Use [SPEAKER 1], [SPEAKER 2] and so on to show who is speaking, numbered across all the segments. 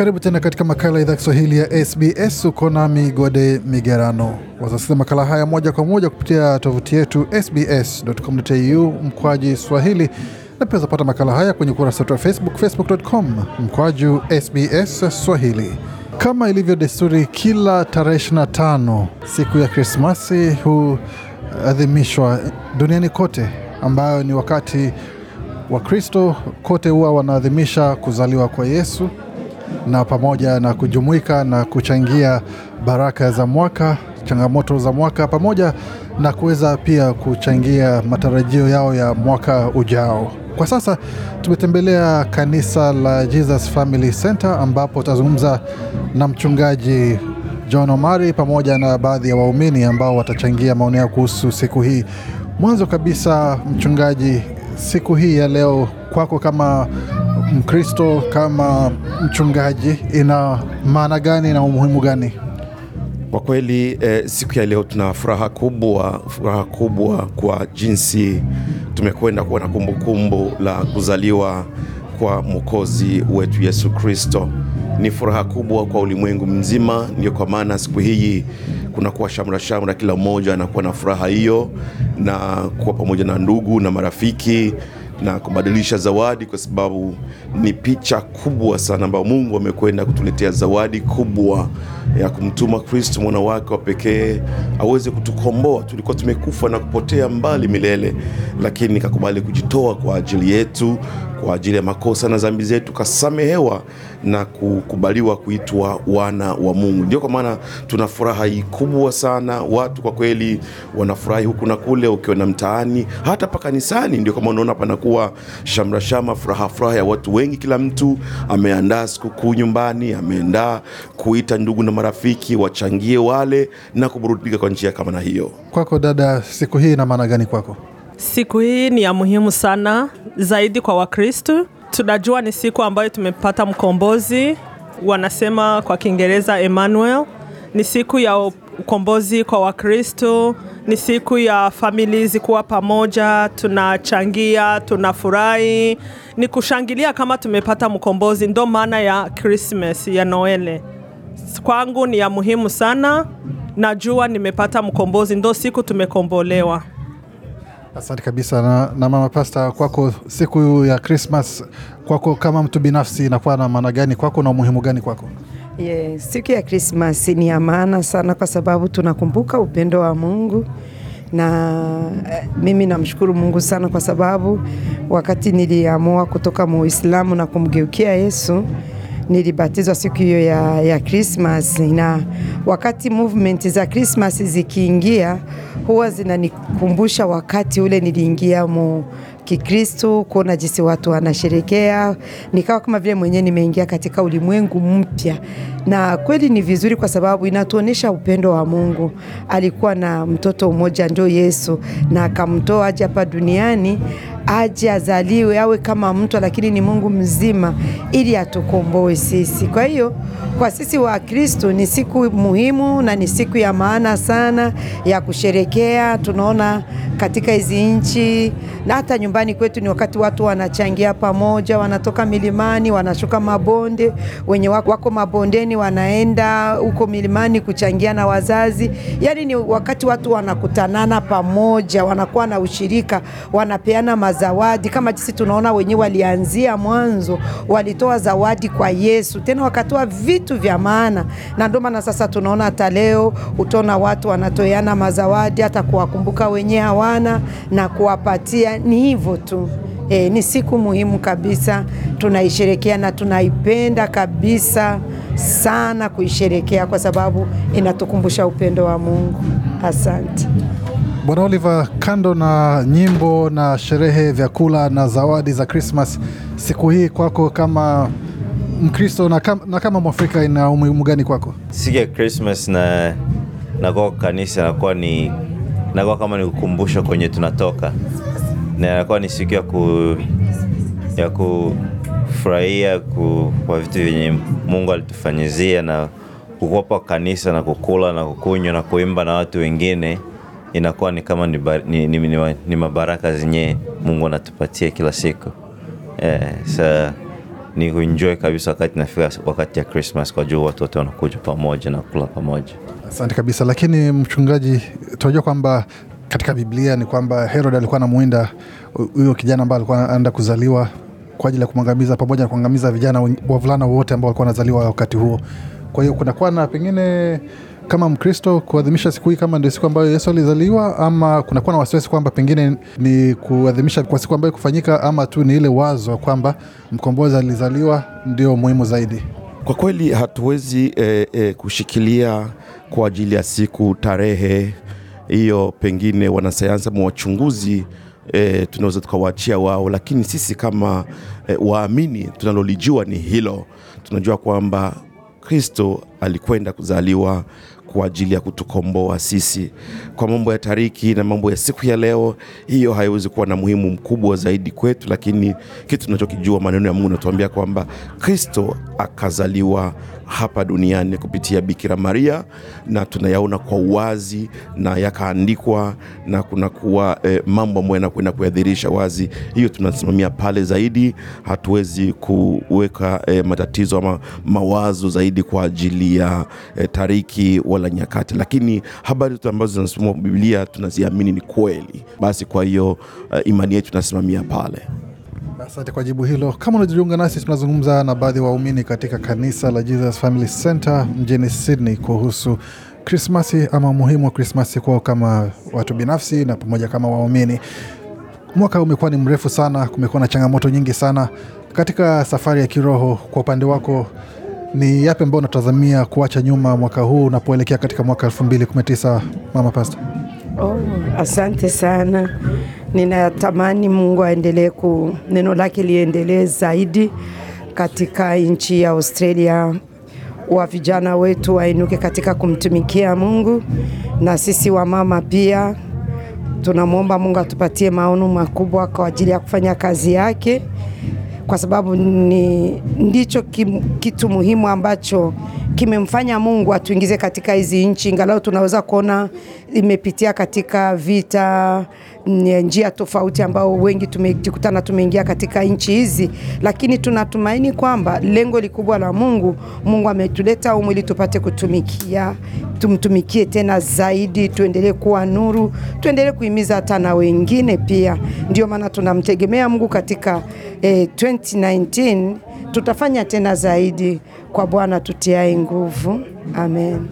[SPEAKER 1] Karibu tena katika makala ya idhaa Kiswahili ya SBS. Uko nami Gode Migerano. Wazasikiza makala haya moja kwa moja kupitia tovuti yetu sbs.com.au mkwaji swahili, na pia zapata makala haya kwenye ukurasa wetu wa Facebook, facebook.com mkwaju SBS Swahili. Kama ilivyo desturi, kila tarehe 25 siku ya Krismasi huadhimishwa duniani kote, ambayo ni wakati Wakristo kote huwa wanaadhimisha kuzaliwa kwa Yesu na pamoja na kujumuika na kuchangia baraka za mwaka, changamoto za mwaka, pamoja na kuweza pia kuchangia matarajio yao ya mwaka ujao. Kwa sasa tumetembelea kanisa la Jesus Family Center ambapo utazungumza na mchungaji John Omari pamoja na baadhi ya waumini ambao watachangia maoni yao kuhusu siku hii. Mwanzo kabisa, mchungaji, siku hii ya leo kwako kama Mkristo kama mchungaji, ina maana gani na umuhimu gani?
[SPEAKER 2] Kwa kweli eh, siku ya leo tuna furaha kubwa, furaha kubwa kwa jinsi tumekwenda kuwa na kumbukumbu la kuzaliwa kwa Mwokozi wetu Yesu Kristo. Ni furaha kubwa kwa ulimwengu mzima, ndio kwa maana siku hii kunakuwa shamra shamra, kila mmoja anakuwa na furaha hiyo na kuwa pamoja na ndugu na marafiki na kubadilisha zawadi, kwa sababu ni picha kubwa sana ambayo Mungu amekwenda kutuletea zawadi kubwa ya kumtuma Kristo mwana wake wa pekee aweze kutukomboa. Tulikuwa tumekufa na kupotea mbali milele, lakini nikakubali kujitoa kwa ajili yetu, kwa ajili ya makosa na dhambi zetu, kasamehewa na kukubaliwa kuitwa wana wa Mungu. Ndio kwa maana tuna furaha hii kubwa sana, watu kwa kweli wanafurahi huku na kule, ukiona mtaani, hata paka nisani, ndio kama unaona panakuwa shamrashama, furaha furaha ya watu wengi. Kila mtu ameandaa sikukuu nyumbani, ameenda kuita ndugu na marafiki wachangie wale na kuburudika kwa njia kama na hiyo.
[SPEAKER 1] Kwako dada, siku hii ina maana gani kwako?
[SPEAKER 3] Siku hii ni ya muhimu sana zaidi kwa Wakristu. Tunajua ni siku ambayo tumepata mkombozi, wanasema kwa Kiingereza Emmanuel. Ni siku ya ukombozi kwa Wakristo, ni siku ya familizi kuwa pamoja, tunachangia, tunafurahi, ni kushangilia kama tumepata mkombozi. Ndo maana ya Christmas ya Noele kwangu ni ya muhimu sana. Najua nimepata mkombozi, ndo siku tumekombolewa.
[SPEAKER 1] Asante kabisa. Na, na mama Pasta, kwako siku ya Krismas kwako kama mtu binafsi inakuwa na maana gani kwako na umuhimu gani kwako?
[SPEAKER 4] Yeah, siku ya Krismasi ni ya maana sana kwa sababu tunakumbuka upendo wa Mungu na eh, mimi namshukuru Mungu sana kwa sababu wakati niliamua kutoka muislamu na kumgeukia Yesu nilibatizwa siku hiyo ya, ya Christmas na wakati movement za Christmas zikiingia huwa zinanikumbusha wakati ule niliingia mu Kikristo, kuona jinsi watu wanasherekea, nikawa kama vile mwenyewe nimeingia katika ulimwengu mpya, na kweli ni vizuri, kwa sababu inatuonyesha upendo wa Mungu. Alikuwa na mtoto mmoja ndio Yesu, na akamtoa aje hapa duniani aje azaliwe awe kama mtu, lakini ni Mungu mzima ili atukomboe sisi. Kwa hiyo kwa sisi wa Kristo ni siku muhimu na ni siku ya maana sana ya kusherekea. Tunaona katika hizi nchi na hata nyumbani kwetu ni wakati watu wanachangia pamoja, wanatoka milimani, wanashuka mabonde, wenye wako mabondeni wanaenda huko milimani kuchangia na wazazi. Yaani ni wakati watu wanakutanana pamoja, wanakuwa na ushirika, wanapeana zawadi, kama jinsi tunaona wenyewe walianzia mwanzo, walitoa zawadi kwa Yesu, tena wakatoa vitu vya maana, na ndio maana sasa tunaona hata leo utaona watu wanatoeana mazawadi, hata kuwakumbuka wenye hawana na kuwapatia. Ni hivyo tu. E, ni siku muhimu kabisa tunaisherekea na tunaipenda kabisa sana kuisherekea kwa sababu inatukumbusha upendo wa Mungu. Asante.
[SPEAKER 1] Bwana Oliver, kando na nyimbo na sherehe, vyakula na zawadi za Krismas, siku hii kwako kama Mkristo na, kam, na kama Mwafrika ina umuhimu gani kwako?
[SPEAKER 5] Siku ya Krismas na nakuwa kanisa nakuwa ni nakuwa kama ni kukumbusha kwenye tunatoka, na nakuwa ni siku ya ku, ya kufurahia ku, kwa vitu vyenye Mungu alitufanyizia na kukopa kanisa na kukula na kukunywa na kuimba na watu wengine inakuwa ni kama ni, bar, ni, ni, ni, ni mabaraka zenye Mungu anatupatia kila siku eh, sa ni kuenjoy kabisa wakati nafika wakati ya Christmas kwa juu watu wote wanakuja pamoja na kula pamoja.
[SPEAKER 1] Asante kabisa. Lakini mchungaji, tunajua kwamba katika Biblia ni kwamba Herod alikuwa anamuinda huyo kijana ambaye alikuwa anaenda kuzaliwa kwa ajili ya kumwangamiza, pamoja na kuangamiza vijana wavulana wote ambao walikuwa wanazaliwa wakati huo. Kwa hiyo kunakuwa na pengine kama Mkristo kuadhimisha siku hii kama ndio siku ambayo Yesu alizaliwa, ama kunakuwa na wasiwasi kwamba pengine ni kuadhimisha kwa siku ambayo kufanyika, ama tu ni ile wazo kwamba mkombozi alizaliwa ndio muhimu zaidi?
[SPEAKER 2] Kwa kweli hatuwezi eh, eh, kushikilia kwa ajili ya siku tarehe hiyo, pengine wanasayansi ama wachunguzi E, tunaweza tukawaachia wao, lakini sisi kama e, waamini tunalolijua ni hilo. Tunajua kwamba Kristo alikwenda kuzaliwa kwa ajili ya kutukomboa sisi. Kwa mambo ya tariki na mambo ya siku ya leo, hiyo haiwezi kuwa na muhimu mkubwa zaidi kwetu, lakini kitu tunachokijua, maneno ya Mungu natuambia kwamba Kristo akazaliwa hapa duniani kupitia Bikira Maria, na tunayaona kwa uwazi na yakaandikwa na kunakuwa e, mambo ambayo yanakwenda kuyadhirisha wazi. Hiyo tunasimamia pale zaidi, hatuwezi kuweka e, matatizo ama mawazo zaidi kwa ajili ya e, tariki wala nyakati, lakini habari zote ambazo zinasomwa Biblia tunaziamini ni kweli. Basi kwa hiyo e, imani yetu tunasimamia pale.
[SPEAKER 1] Asante kwa jibu hilo. Kama unajiunga nasi, tunazungumza na baadhi ya waumini katika kanisa la Jesus Family Center mjini Sydney kuhusu Krismasi ama umuhimu wa Krismasi kwao kama watu binafsi na pamoja kama waumini. Mwaka umekuwa ni mrefu sana, kumekuwa na changamoto nyingi sana katika safari ya kiroho. Kwa upande wako, ni yapi ambao unatazamia kuacha nyuma mwaka huu unapoelekea katika mwaka elfu mbili kumi na tisa, Mama Pasta?
[SPEAKER 4] Oh, asante sana. Ninatamani Mungu aendelee ku neno lake liendelee zaidi katika nchi ya Australia, wa vijana wetu wainuke katika kumtumikia Mungu, na sisi wamama pia tunamwomba Mungu atupatie maono makubwa kwa ajili ya kufanya kazi yake, kwa sababu ni ndicho kim, kitu muhimu ambacho kimemfanya Mungu atuingize katika hizi nchi, ingalau tunaweza kuona imepitia katika vita njia tofauti ambao wengi tumejikutana tumeingia katika nchi hizi, lakini tunatumaini kwamba lengo likubwa la Mungu, Mungu ametuleta humu ili tupate kutumikia, tumtumikie tena zaidi, tuendelee kuwa nuru, tuendelee kuhimiza hata na wengine pia. Ndio maana tunamtegemea Mungu katika eh, 2019 tutafanya tena zaidi kwa Bwana tutiae nguvu. Amen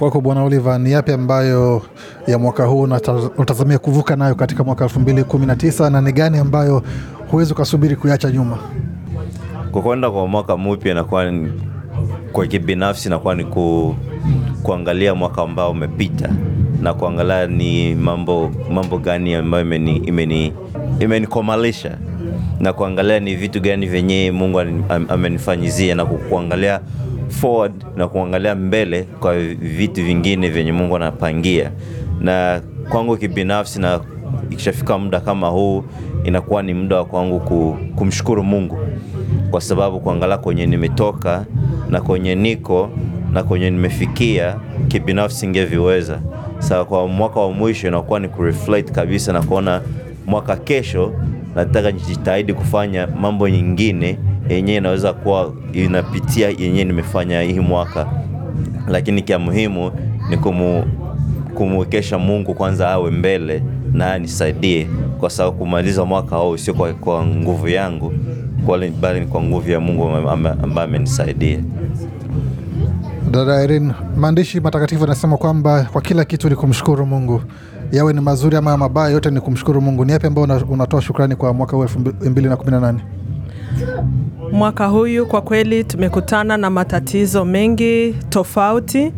[SPEAKER 1] kwako Bwana Oliver, ni yapi ambayo ya mwaka huu unatazamia kuvuka nayo katika mwaka 2019 na ni gani ambayo huwezi ukasubiri kuiacha nyuma?
[SPEAKER 5] Kwa kwenda kwa mwaka mpya inakuwa kwa kibinafsi inakuwa ni ku, kuangalia mwaka ambao umepita na kuangalia ni mambo, mambo gani ambayo imenikomalisha imeni, imeni na kuangalia ni vitu gani vyenye Mungu amenifanyizia na kuangalia forward na kuangalia mbele kwa vitu vingine vyenye Mungu anapangia. Na kwangu kibinafsi, na ikishafika muda kama huu, inakuwa ni muda wa kwangu kumshukuru Mungu kwa sababu kuangalia kwenye nimetoka na kwenye niko na kwenye nimefikia kibinafsi ngeviweza Sasa kwa mwaka wa mwisho inakuwa ni kureflect kabisa na kuona mwaka kesho nataka nijitahidi kufanya mambo nyingine yenyewe inaweza kuwa inapitia yenyewe nimefanya hii mwaka, lakini kia muhimu ni kumu kumwekesha Mungu kwanza awe mbele na anisaidie, kwa sababu kumaliza mwaka huu sio kwa, kwa nguvu yangu bali ni kwa nguvu ya Mungu ambaye amenisaidia.
[SPEAKER 1] Dada Irene, maandishi matakatifu anasema kwamba kwa kila kitu ni kumshukuru Mungu, yawe ni mazuri ama mabaya, yote ni kumshukuru Mungu. Ni yapi ambayo unatoa shukrani kwa mwaka huu elfu mbili na kumi na nane?
[SPEAKER 3] Mwaka huyu kwa kweli tumekutana na matatizo mengi tofauti,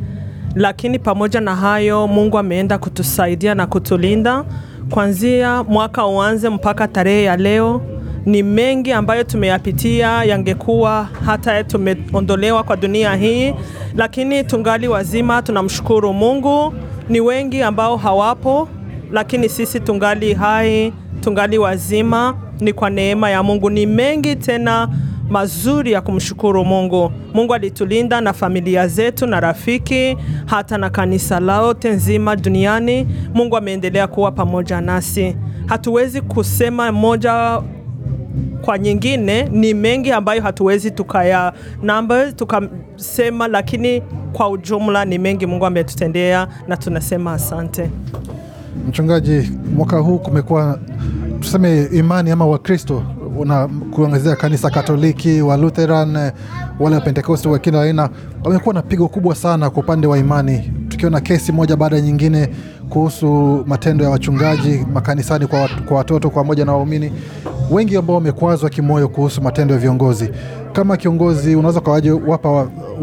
[SPEAKER 3] lakini pamoja na hayo Mungu ameenda kutusaidia na kutulinda kuanzia mwaka uanze mpaka tarehe ya leo. Ni mengi ambayo tumeyapitia, yangekuwa hata tumeondolewa kwa dunia hii, lakini tungali wazima. Tunamshukuru Mungu. Ni wengi ambao hawapo, lakini sisi tungali hai, tungali wazima, ni kwa neema ya Mungu. Ni mengi tena mazuri ya kumshukuru Mungu. Mungu alitulinda na familia zetu na rafiki, hata na kanisa lote nzima duniani. Mungu ameendelea kuwa pamoja nasi. Hatuwezi kusema moja kwa nyingine, ni mengi ambayo hatuwezi tukaya namba tukasema, lakini kwa ujumla ni mengi Mungu ametutendea na tunasema asante.
[SPEAKER 1] Mchungaji, mwaka huu kumekuwa tuseme imani ama Wakristo kuongezea kanisa Katoliki, wa Lutheran, eh, wale wa Pentekosti, wa kila aina wamekuwa na pigo kubwa sana kwa upande wa imani, tukiona kesi moja baada ya nyingine kuhusu matendo ya wachungaji makanisani kwa, kwa watoto moja na waumini wengi ambao wamekwazwa kimoyo kuhusu matendo ya viongozi. Kama kiongozi, unaweza ukawaje wapa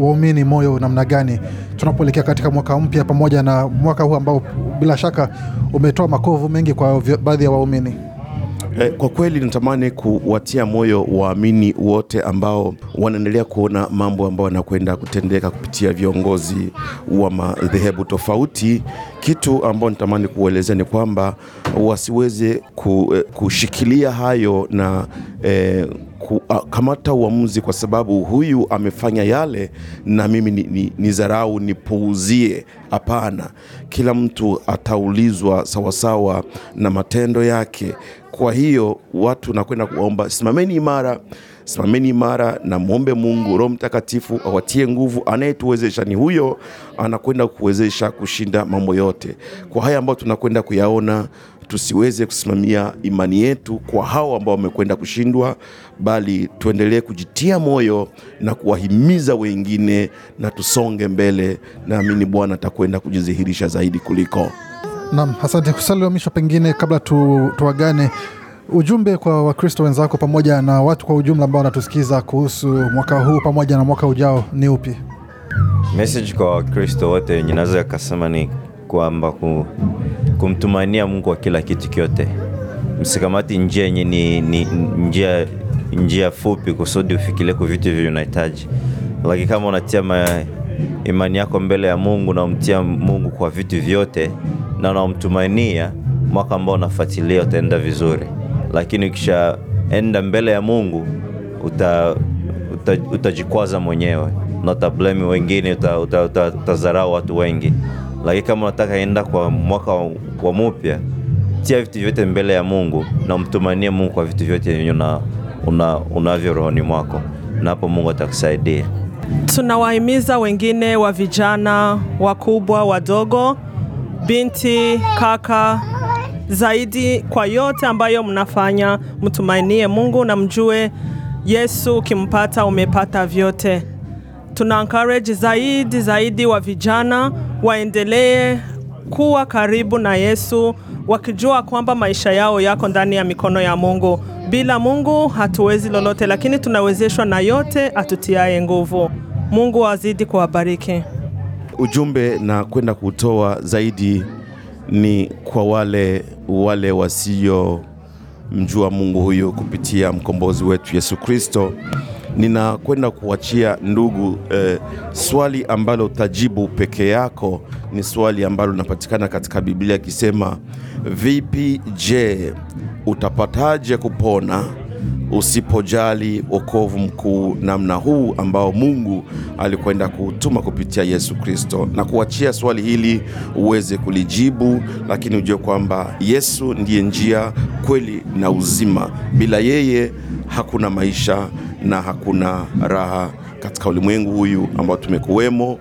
[SPEAKER 1] waumini wa moyo namna gani tunapoelekea katika mwaka mpya pamoja na mwaka huu ambao bila shaka umetoa makovu mengi kwa baadhi ya waumini?
[SPEAKER 2] Eh, kwa kweli natamani kuwatia moyo waamini wote ambao wanaendelea kuona mambo ambayo yanakwenda kutendeka kupitia viongozi wa madhehebu tofauti. Kitu ambao natamani kuelezea ni kwamba wasiweze eh, kushikilia hayo na eh, kukamata uamuzi kwa sababu huyu amefanya yale na mimi ni, ni, ni dharau nipuuzie. Hapana, kila mtu ataulizwa sawasawa na matendo yake. Kwa hiyo watu nakwenda kuwaomba, simameni imara, simameni imara na muombe Mungu Roho Mtakatifu awatie nguvu. Anayetuwezesha ni huyo, anakwenda kuwezesha kushinda mambo yote. Kwa haya ambayo tunakwenda kuyaona, tusiweze kusimamia imani yetu kwa hao ambao wamekwenda kushindwa, bali tuendelee kujitia moyo na kuwahimiza wengine, na tusonge mbele. Naamini Bwana atakwenda kujidhihirisha zaidi kuliko
[SPEAKER 1] nam asante kusali Misho. Pengine kabla tu, tuagane ujumbe kwa Wakristo wenzako pamoja na watu kwa ujumla ambao wanatusikiza kuhusu mwaka huu pamoja na mwaka ujao ni upi?
[SPEAKER 5] Message kwa Wakristo wote wenye naweza akasema ni kwamba kumtumania Mungu wa kila kitu kyote, msikamati njia yenye ni, ni njia, njia fupi kusudi ufikile kwa vitu hivyo unahitaji, lakini kama unatia imani yako mbele ya Mungu na umtia Mungu kwa vitu vyote na unamtumainia, mwaka ambao unafuatilia utaenda vizuri, lakini ukishaenda mbele ya Mungu uta, uta, utajikwaza mwenyewe na utablame wengine, utazarau uta, uta, uta watu wengi. Lakini kama unataka enda kwa mwaka wa mupya, tia vitu vyote mbele ya Mungu na umtumainie Mungu kwa vitu vyote una, una, unavyo rohoni mwako, na hapo Mungu atakusaidia
[SPEAKER 3] tunawahimiza wengine wa vijana wakubwa, wadogo, binti, kaka, zaidi kwa yote ambayo mnafanya, mtumainie Mungu na mjue Yesu, ukimpata umepata vyote. Tuna encourage zaidi zaidi wa vijana waendelee kuwa karibu na Yesu wakijua kwamba maisha yao yako ndani ya mikono ya Mungu. Bila Mungu hatuwezi lolote, lakini tunawezeshwa na yote atutiaye nguvu. Mungu azidi kuwabariki.
[SPEAKER 2] Ujumbe na kwenda kutoa zaidi ni kwa wale wale wasio mjua Mungu huyu kupitia mkombozi wetu Yesu Kristo ninakwenda kuachia ndugu eh, swali ambalo utajibu peke yako ni swali ambalo linapatikana katika Biblia ikisema, vipi je, utapataje kupona usipojali wokovu mkuu namna huu ambao Mungu alikwenda kuutuma kupitia Yesu Kristo, na kuachia swali hili uweze kulijibu, lakini ujue kwamba Yesu ndiye njia, kweli na uzima. Bila yeye hakuna maisha na hakuna raha katika ulimwengu huyu ambao tumekuwemo.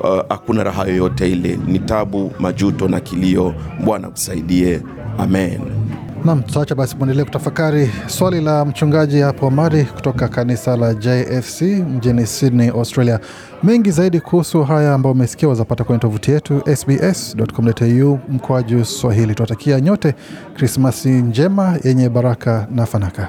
[SPEAKER 2] Uh, hakuna raha yoyote ile, ni tabu, majuto na kilio. Bwana kusaidie, amen.
[SPEAKER 1] Nam, tutaacha basi mwendelee kutafakari swali la mchungaji hapo mari kutoka kanisa la JFC mjini Sydney, Australia. Mengi zaidi kuhusu haya ambayo umesikia wazapata kwenye tovuti yetu sbs.com.au mkoaju Swahili. tuatakia nyote Krismasi njema yenye baraka na fanaka.